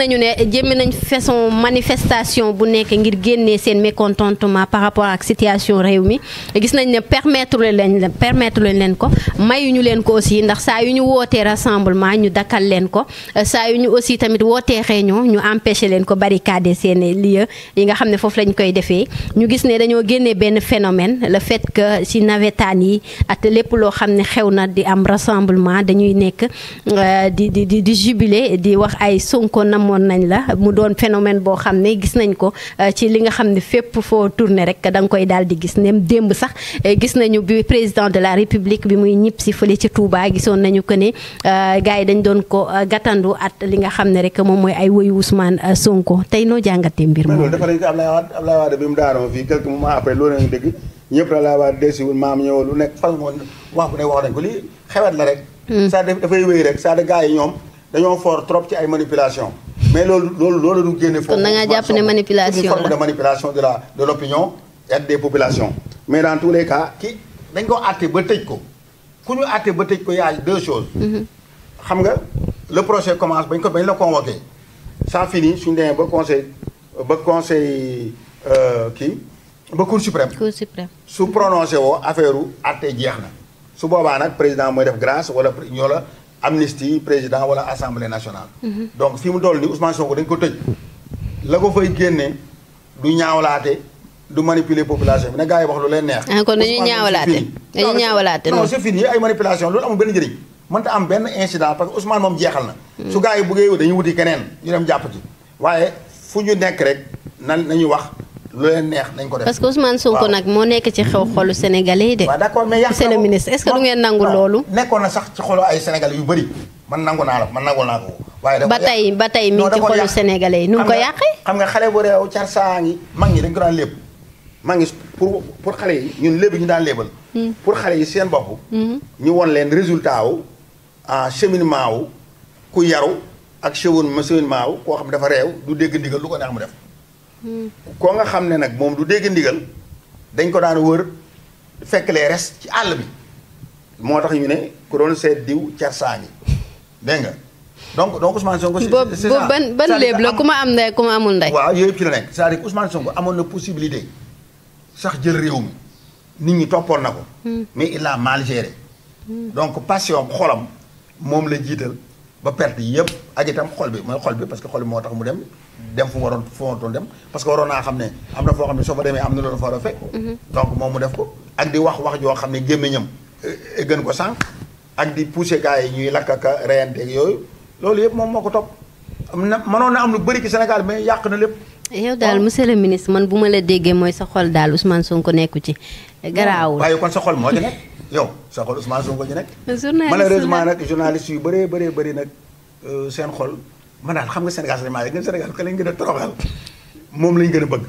nañu ne jëmmi nañ façon manifestation bu nekk ngir génnee seen mécontentement par rapport ak situation réew mi gis nañ ne permettre leen leen permettre leen leen ko mayuñu leen ko aussi ndax saa yu ñu wootee rassemblement ñu dakkal leen ko saa yu ñu aussi tamit wootee réunion ñu empêcher leen ko barricade seen lieu yi nga xam ne foofu lañ koy defee ñu gis ne dañoo génnee benn phénomène le fait que si nawetaan yi ate lépp loo xam ne xew na di am rassemblement dañuy nekk euh, di di di jubilé di wax ay Sonko namoon nañ la mu doon phénomène boo xam ne gis nañ ko euh, ci li nga xam ne fépp foo tourné rek da koy daal di gis ne démb sax euh, gis nañu bi président de la république bi muy ñib si fële ci Touba gisoon nañu ko ne euh, gars yi dañ doon ko gàttandu at li nga xam ne rek moom mooy ay woyu Ousmane Sonko tey noo jàngatee mbir moom. dafa dañ ko Ablaye Wade Ablaye Wade bi mu daanoo fii quelques moments après loolu lañu dégg ñëpp la Ablaye Wade maam ñëwul lu nekk fal moon wax bu ne dañoo fort trop ci ay manipulation mais loolu loolu loolu génne. foofu kon na ngaa jàpp ne manipulation la forme de manipulation de la de l' opinion des populations. mais dans tous les cas ki dañ ko àtte ba tëj ko ku ñu àtte ba tëj ko yaay deux choses. Mhm. xam nga le procès commence bañ ko bañ la convoqué. ça finit suñ demee ba conseil ba conseil euh, kii ba cour suprême. cour suprême su prononcé woo affaire u àtte jeex na su boobaa nag président mooy def grâce wala ñoo la. amnistie président wala assemblée nationale. donc fi mu toll nii Ousmane Sonko dañ ko tëj. la ko fay génne du ñaawlaate du manipuler population bi na gars yi wax lu leen neex. ah kon dañuy ñaawlaate dañuy ñaawlaate non c'est fini ay manipulation loolu amul benn njëriñ mënta am benn incident parce que Ousmane moom jeexal na. su gars yi buggee dañuy wuti keneen ñu dem jàpp ci waaye fu ñu nekk rek nan nañuy wax. lu leen neex nañ ko def. parce que Ousmane Sonko nag moo nekk ci xew xolu sénégalais yi de. waaw d'accord mais monsieur le ministre est-ce que du ngeen nangu loolu. nekkoon na sax ci xolu ay sénégalais yu bëri man nangu naa la man nangul naa ko. waaye da ba tey ba tey mi ngi ci xolu sénégalais yi nu mu ko yàqee. nga xale bu réew car saa ngi mag dañ ko daan lépp mag ñi pour pour xale yi ñun lépp ñu daan léebal. Hmm. pour xale yi seen bopp. Hmm. ñu won leen résultat wu en cheminement ku yaru ak cheminement wu koo xam dafa réew du dégg ndigal lu ko neex mu def koo nga xam ne nag moom du dégg ndigal dañ ko daan wër fekk les res ci àll bi moo tax ñu ne ku doon seet diw carsaa ngi dégg nga donc donc Ousmane Sonko. c'est ça ban ban léeb la ku ma am ndey ku ma amul ndey. waaw yooyu yëpp ci la nekk c'est-à-dire Ousmane Sonko amoon na possibilité sax jël réew mi nit ñi toppoon na ko. Hmm. mais il a géré. Hmm. donc passion xolam moom la jiital. ba perte yëpp ak itam xol bi mooy xol bi parce que xol bi moo tax mu dem dem fu mu waroon fu mu waroon dem parce que waroon naa xam ne am na foo xam ne soo fa demee am na loolu fa war a fekk mhm. donc moom mu def ko ak di wax wax joo xam ne gémmiñam e, e, gën ko sànq ak di poussé gars yi ñuy lakk ak reyante yooyu loolu yëpp moom moo ko topp na mënoon na am lu bari ci Sénégal mais yàq na lépp yow daal monsieur le ministre man bu ma la déggee mooy sa xol daal Ousmane Sonko nekku ci garaawul waaye kon xol moo ci yow sa xol Ousmane Sonko ñu nekk. malheureusement nag journaliste yu bëree bëree bëri nag euh, seen xol man daal xam nga Sénégal seen maa ngi Sénégal ka lañ gën a bëgg.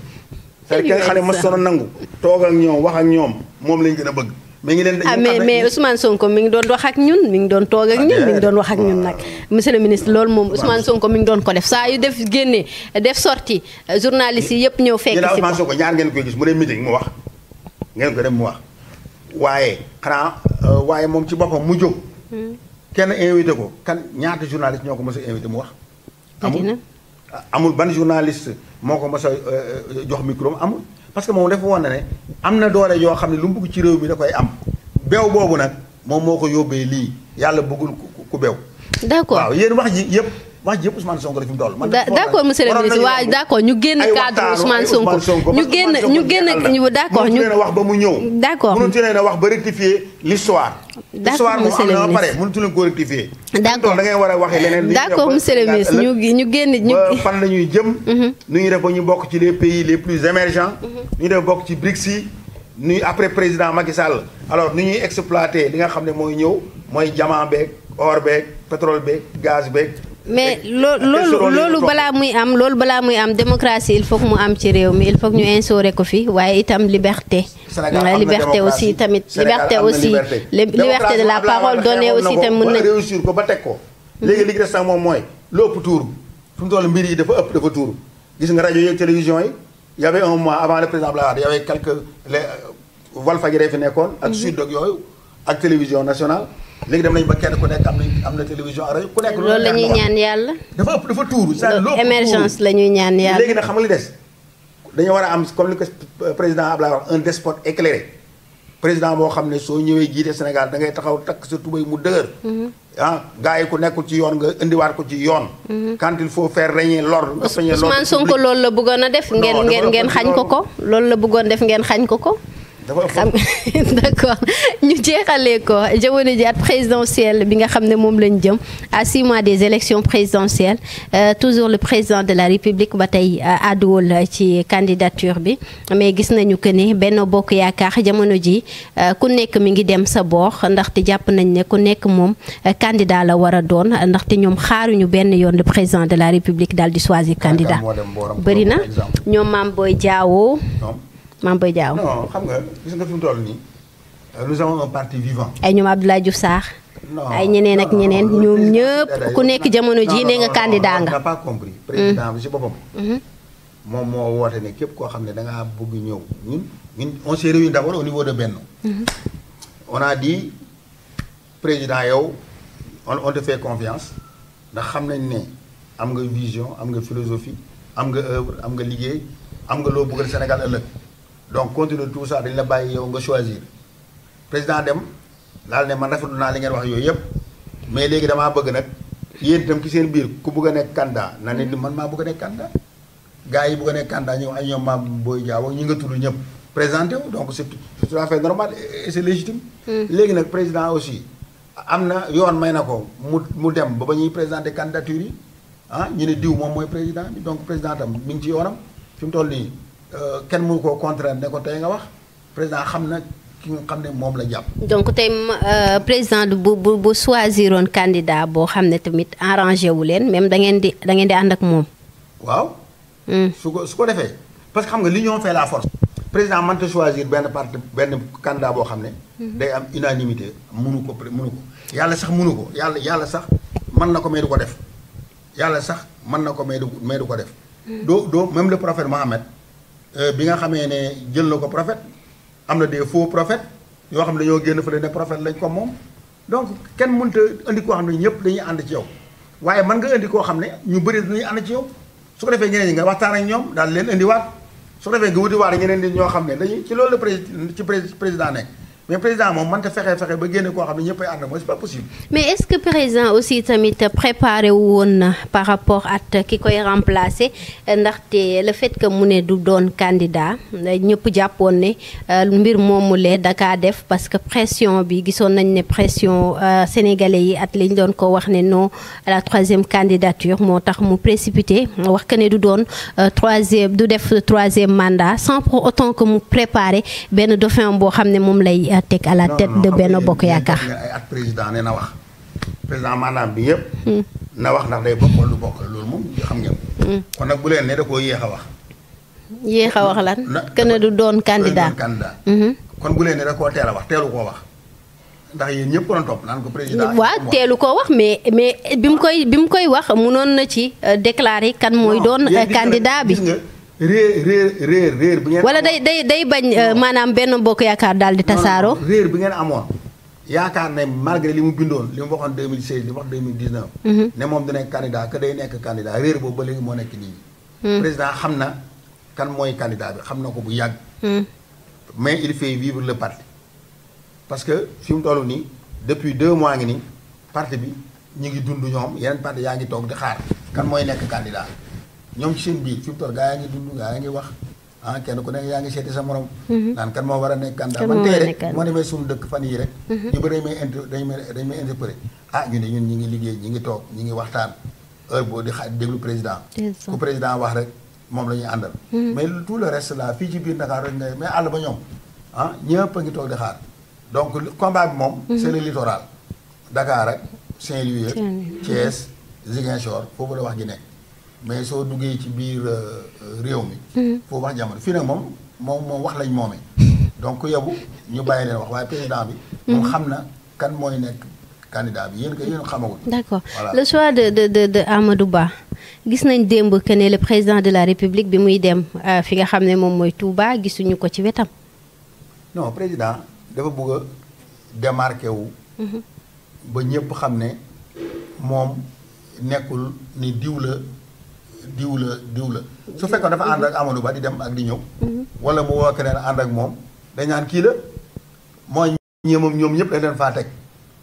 c'est-à-dire que xam ne ma sono toog ak ñoom wax ak ñoom moom lañ gën a bëgg. mi ngi leen ah mais mais Ousmane Sonko mi ngi doon wax ak ñun mi ngi doon toog ak ah, ñun mi ngi doon wax ak ñun nag monsieur le ministre loolu moom Ousmane Sonko mi ngi doon ko def saa yu def génne def sortie journaliste yi yëpp ñëw fekk si ko Ousmane Sonko ñaar ngeen koy gis mu wax ngeen ko dem mu wax waaye xanaa euh, waaye moom ci boppam mu jóg. Hmm. kenn invité ko kan ñaata journaliste ñoo ko mos invité mu wax. amul ah, amul ban journaliste moo ko mos a euh, jox micro amul. parce que moom dafa woon na ne am na doole yoo xam ne lu mu bëgg ci réew mi da koy am beew boobu nag moom moo ko yóbbee lii yàlla bëggul ku beew. d'accord waaw yéen wax ji yëpp. wax ji yëpp Ousmane Sonko la fi mu toll. man d' accord monsieur le ministre waaw d' ñu génn cadre Ousmane Sonko ñu génn ñu génn ñu wax mu ñëw. d' accord mënut a wax ba rectifier l' histoire. d' accord monsieur le ministre histoire pare mënut leen ko rectifier. d' a waxee leneen. d' accord monsieur le ministre ñu génn ñu. fan la ñuy jëm. Mhm. nu ñu def ba ñu bokk ci le pays les plus émergents. Mhm. nu ñuy def bokk ci BRICS yi. nuy après président Macky Sall alors nu ñuy exploité li nga xam ne mooy ñëw mooy diamant beeg or beeg pétrole beeg gaz mais loolu loolu balaa muy am loolu balaa muy am démocratie il faut mu am ci réew mi il faut que ñu instauré ko fi waaye itam liberté. liberté aussi tamit. liberté aussi liberté de la parole donnée aussi tamit mun nañ réussir ko ba teg ko. léegi li ci moom mooy lépp tuur fu mu toll mbir yi dafa ëpp dafa tuur gis nga rajo yeeg télévision yi y un mois avant le président Abdoulaye Wade y avait fi nekkoon. ak mhm. Sud ak yooyu ak télévision nationale. léegi dem nañ ba kenn ku nekk am nañ am na télévision rajo ku nekk. loolu la ñuy ñaan yàlla. dafa ëpp dafa tuuru. loolu émergence la ñaan yàlla léegi nag xam nga li des. dañoo war a am comme li ko président Ablaye wax un despote éclairé président moo xam ne soo ñëwee jiite Sénégal da ngay taxaw takk sa tubéy mu dëgër. Mhm. ah gars ku nekkul ci yoon nga indiwaat ko ci yoon. Mhm. quand il faut faire régner l'ordre. nga feeñee l'ordre Ousmane Sonko loolu la bëggoon a def. ngeen ngeen xañ ko ko loolu la bëggoon def ngeen xañ ko ko. xam d' accord ñu jeexalee ko jamono ji at présidentielle bi nga xam ne moom lañ jëm à six mois des élections présidentielles euh, toujours le président de la république ba tey euh, àdduwul ci candidature bi mais gis nañu que ne benn Bokk Yaakaar jamono ji euh, ku nekk mi ngi dem sa boor ndaxte jàpp nañ ne ku nekk moom candidat la war a doon ndaxte ñoom xaaruñu benn yoon le président de la république daal di choisir candidat bëri na ñoom Mame Boye Diao Mame Boye Diao. xam nga gis nga fi mu toll nii. nous avons un parti vivant. ay ñoom Abdoulaye Diouf Sarr. ay ñeneen ak ñeneen ñoom ñëpp ku nekk jamono ji ne nga candidat nga. pas compris mhm. moom moo woote ne képp koo xam ne da ngaa bëgg ñëw ñun ñun on s'est réunis d'abord au niveau de Benno. Mhm. on a dit président yow on on te fait confiance ndax xam nañ ne am nga vision am nga philosophie am nga œuvre am nga liggéey am nga loo bëggal Sénégal ëllëg. donc compte tenu de tout ça dañ la bàyyi yow nga choisir président dem laal ne man rafetlu naa li ngeen wax yooyu yëpp mais léegi damaa bëgg nag yéen itam ci seen biir ku bëgg a nekk candidat na ne man maa bëgg a nekk candidat gars yi bëgg a nekk candidat ñoom ay ñoom maam booy jaaw ñi nga tudd ñëpp présenté wu donc c'est tout à fait normal et hmm. léegi nag président aussi am na yoon may na ko mu mu dem ba ba ñuy présenté candidature yi ah ñu ne diw moom mooy président donc président tam mi ngi ci yoonam fi mu toll nii. Euh, kenn mënu koo contraindre ne ko tey nga wax président xam na ki nga xam ne moom la jàpp. donc tey euh, président bu bu bu choisiroon candidat boo xam ne tamit arrangé wu leen même da ngeen di da ngeen di ànd ak moom. waaw. Hmm. su ko su ko defee parce que xam nga l'union fait la force. président mënta choisir benn parti benn candidat boo xam ne. Hmm. day am unanimité munu ko mënu ko yàlla sax munu ko yàlla yàlla sax man na ko mais du ko def yàlla sax mën na ko mais du ko def. Hmm. doo doo même le prophète Euh, bi nga xamee ne jël na ko prophète am na des faux prophètes yoo xam ne dañoo génn fële ne prophète lañ ko moom donc kenn mënut a indi koo xam ne ñëpp dañuy ànd ci yow waaye mën nga indi koo xam ne ñu bëri dañuy ànd ci yow su ko defee ñeneen ñi nga waxtaan ak ñoom daal leen indiwaat su ko defee nga wuti waat ñeneen ñoo xam ne dañuy ci loolu la président ci président nekk. mais président moom mënta fexe fexe ba génne koo xam ne ñëpp ànd mooy c'est pas possible. mais est-ce que président aussi tamit préparé woon na par rapport at ki koy remplacer ndaxte le fait que mu ne du doon candidat ñëpp jàppoon ne euh, mbir moomu lee daka def parce que pression bi gisoon nañ ne pression euh, sénégalais yi at liñ doon ko wax ne no la troisième candidature moo tax mu précipité wax que ne du doon euh, troisième du def troisième mandat sans mu préparé benn dauphin boo xam ne moom lay. à teg à la tête de Benno Bokk Yaakaar. ay at na wax président maanaam bi yëpp. Hmm. na wax ndax day bokk wala du bokk loolu moom xam ngeen. Hmm. kon nag bu leen ne da koo yéex a wax. yéex a wax lan. kenn du doon candidat hmm. kon bu leen ne da koo teel a wax teelu koo wax. ndax yéen ñëpp doon topp naan ko président. waaw teelu ko wax mais mais bi mu koy bi mu koy wax munoon na ci euh, déclarer kan mooy doon. Euh, candidat bi réer réer réer réer bi ngeen. day day day bañ euh, maanaam benn mbokk yaakaar daal di tasaaro réer bi ngeen amoon yaakaar ne malgré li mu bindoon li mu waxoon li mu wax 2019. Mhm. ne moom du nekk candidat que day nekk candidat réer boobu ba léegi moo nekk nii. Mhm. président xam na kan mooy candidat bi xam na ko bu yàgg. Mhm. mais il fait vivre le parti parce que fi mu toll nii depuis deux mois ngi nii parti bi ñu ngi dund ñoom yeneen parti yaa ngi toog di xaar kan mooy nekk candidat. ñoom ci seen biir fi mu gaa yaa ngi dund gaa yaa ngi wax ah, kenn ku nekk yaa ngi seeti sa morom. Mm-hmm. naan kan moo war a nekk candidat man tey rek moo demee suñu dëkk fan yii rek. Mm-hmm. ñu bëri dañ may inter ah ñu ne ñun ngi liggéey ñu ngi toog ñi ngi waxtaan heure boo di xa déglu président. ku président wax rek moom lañuy àndal. Mm-hmm. mais tout le reste là fii ci biir Dakar rek mais àll ba ñoom ah a ngi toog di xaar donc combat moom. c'est le littoral. Dakar ak Saint-Louis ak Thiès Ziguinchor la wax gi nekk. mais soo duggee ci biir euh, euh, réew mi. Mm-hmm. foo wax jàmm fii nag moom moom wax lañ moomee. donc yow ñu bàyyi leen wax waaye président bi. moom mm-hmm. xam na kan mooy nekk candidat bi yéen kay yéen xamagul. d'accord de de de gis nañ démb que président de la république bi muy dem euh, fi nga xam ne moom mooy Touba gisuñu ko ci wetam. non président dafa bëgg a wu. Mm-hmm. ba ñëpp xam ne moom nekkul ni diw diw la diw la su fekkoon dafa ànd ak Amadou Ba di dem ak di ñëw wala mu woo keneen ànd ak moom dañ naan kii la mooy ñi moom ñoom ñëpp dañ leen faa teg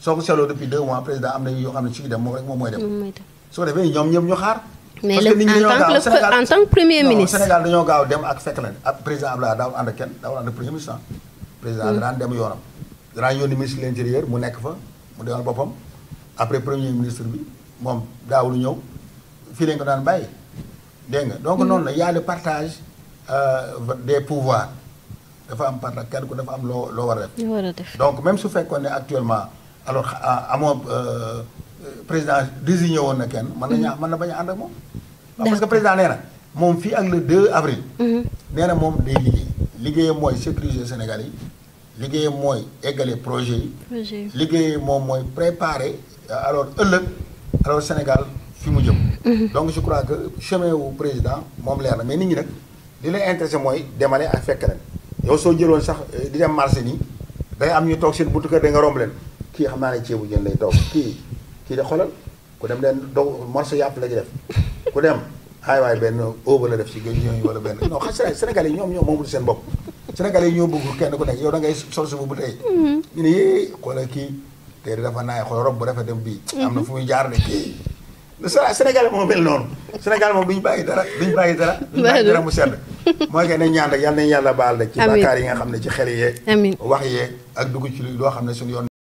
soo ko seetloo depuis président am na yoo xam ne ci dem moom rek moom mooy dem su ko ñoom ñëpp ñu xaar mais parce que en tant que premier ministre gaaw dem ak fekk leen ak président Abdoulaye daawul ànd ak kenn daawul ànd premier ministre ah. président mm. daan dem yoonam daan yónni ministre de l'intérieur mu nekk fa mu demal boppam après premier ministre bi moom daaw lu ñëw fii lañ ko daan bàyyi dégg nga donc noonu la mm. yàlla a le partage euh, des pouvoirs dafa am partage kenn ku dafa am loo loo war a def donc même su fekkoon ne actuellement alors ah, amoo euh, président désigné woon na kenn mën nañu mm. mën na bañ a ànd ak moom parce que président nee na moom fii ak le 2 avril mm-hmm. nee na moom day liggéey liggéeyam mooy sécuriser Sénégal yi liggéeyam mooy eggale projet yi liggéeyam moom mooy préparer euh, alors ëllëg alors Sénégal fi mu jëm Mm-hmm. donc je crois que chemin wu président moom leer na mais nit ñi nag li lay intéressé mooy demale ak fekk ren yow soo jëloon sax eh, di dem marché nii day am ñu toog seen buntu kër da romb leen kii xam naa ne ceebu jën lay toog kii kii da xolal ku dem leen dog morceau yàpp la ñu ku dem ay waay benn óoba la def ci géej ñooñu wala benn non xam Sénégal yi ñoom ñoo moomul seen bopp Sénégal yi ñoo kenn ku nekk yow da ngay sol sa bu tey mm-hmm. ñu ne yee eh, xoolal kii te dafa naay rob bu rafet dem bii mm-hmm. am na fu muy jaar ne kii Sénégal moo mel noonu Sénégal moom duñu bàyyi dara ñu bàyyi dara duñu bàyyi dara mu sedd mooy que ne ñaan rek yal nañu yàlla baal rek ci bàkkaar yi nga xam ne ci xel yee wax yee ak dugg ci loo xam ne suñu yoon